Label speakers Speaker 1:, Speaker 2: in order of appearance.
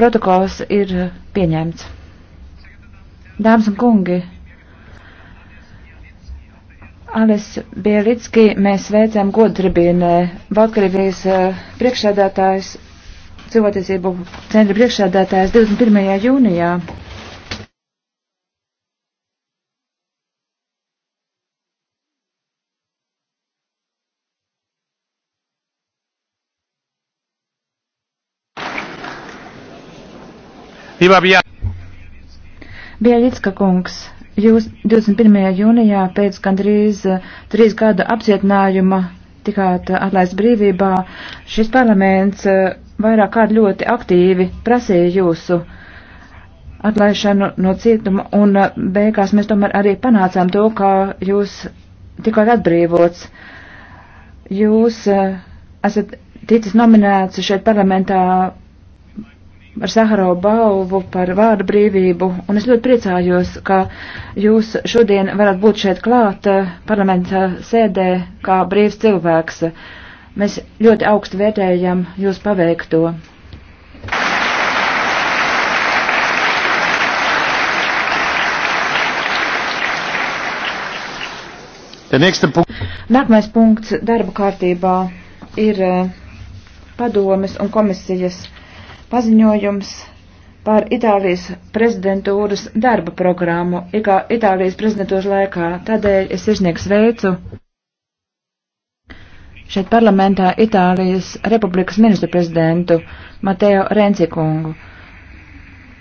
Speaker 1: Protokols ir pieņemts. Dāmas un kungi, Alis Bielicki mēs veicam godtribīnē Baltkrievijas eh, priekšsēdētājs, cilvēktiesību centra priekšsēdētājs 21. jūnijā. Bieļicka kungs, jūs 21. jūnijā pēc gandrīz eh, trīs gada apcietinājuma tikāt eh, atlaist brīvībā. Šis parlaments eh, vairāk kārt ļoti aktīvi prasīja jūsu atlaišanu no cietuma, un beigās mēs tomēr arī panācām to, ka jūs tikāt atbrīvots. Jūs esat ticis nominēts šeit parlamentā ar Saharovu balvu par vārdu brīvību, un es ļoti priecājos, ka jūs šodien varat būt šeit klāt eh, parlamenta sēdē kā brīvs cilvēks. Mēs ļoti augstu vērtējam jūs paveikto. Nākamais punkts darba kārtībā ir eh, padomes un komisijas paziņojums par Itālijas prezidentūras darba programmu Ikā Itālijas prezidentūras laikā. Tādēļ es iesniegs veicu šeit parlamentā Itālijas republikas ministru prezidentu Mateo Renci kungu.